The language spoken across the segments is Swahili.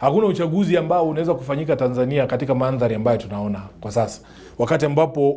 Hakuna uchaguzi ambao unaweza kufanyika Tanzania katika mandhari ambayo tunaona kwa sasa, wakati ambapo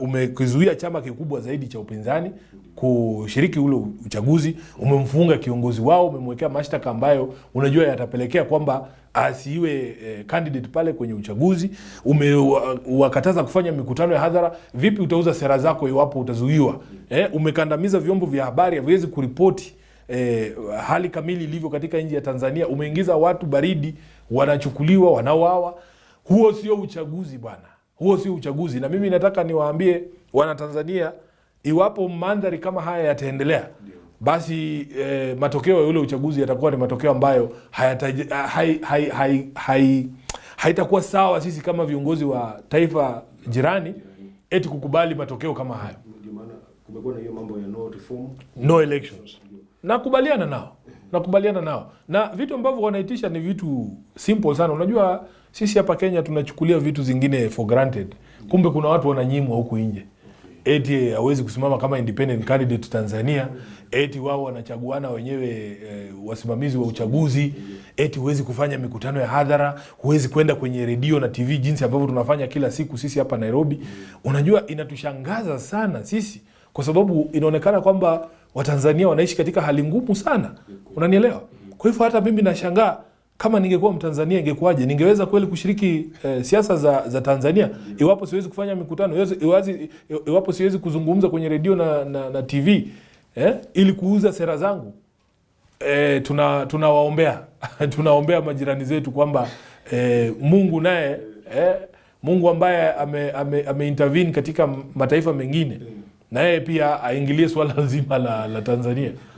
umekizuia ume chama kikubwa zaidi cha upinzani kushiriki ule uchaguzi, umemfunga kiongozi wao, umemwekea mashtaka ambayo unajua yatapelekea kwamba asiwe eh, candidate pale kwenye uchaguzi, umewakataza kufanya mikutano ya hadhara. Vipi utauza sera zako iwapo utazuiwa? Eh, umekandamiza vyombo vya habari, haviwezi kuripoti eh, hali kamili ilivyo katika nchi ya Tanzania. Umeingiza watu baridi, wanachukuliwa, wanauawa. Huo sio uchaguzi bwana, huo sio uchaguzi. Na mimi nataka niwaambie Wanatanzania, iwapo mandhari kama haya yataendelea, basi eh, matokeo ya ule uchaguzi yatakuwa ni matokeo ambayo hayatakuwa hay, hay, hay, hay, sawa. Sisi kama viongozi wa taifa jirani eti kukubali matokeo kama hayo. No elections. Nakubaliana nao, nakubaliana nao, na vitu ambavyo wanaitisha ni vitu simple sana. Unajua sisi hapa Kenya tunachukulia vitu zingine for granted, kumbe kuna watu wananyimwa huku nje eti hawezi kusimama kama independent candidate Tanzania, eti wao wanachaguana wenyewe e, wasimamizi wa uchaguzi, eti huwezi kufanya mikutano ya hadhara, huwezi kwenda kwenye redio na TV jinsi ambavyo tunafanya kila siku sisi hapa Nairobi. Unajua, inatushangaza sana sisi kwa sababu inaonekana kwamba Watanzania wanaishi katika hali ngumu sana, unanielewa? Kwa hivyo hata mimi nashangaa kama ningekuwa Mtanzania ingekuwaje? Ningeweza kweli kushiriki e, siasa za, za Tanzania iwapo siwezi kufanya mikutano, iwapo siwezi kuzungumza kwenye redio na, na, na TV eh, ili kuuza sera zangu e, tunawaombea tunaombea majirani zetu kwamba e, Mungu naye eh, Mungu ambaye ame, ame, ame intervene katika mataifa mengine na yeye pia aingilie swala zima la, la Tanzania.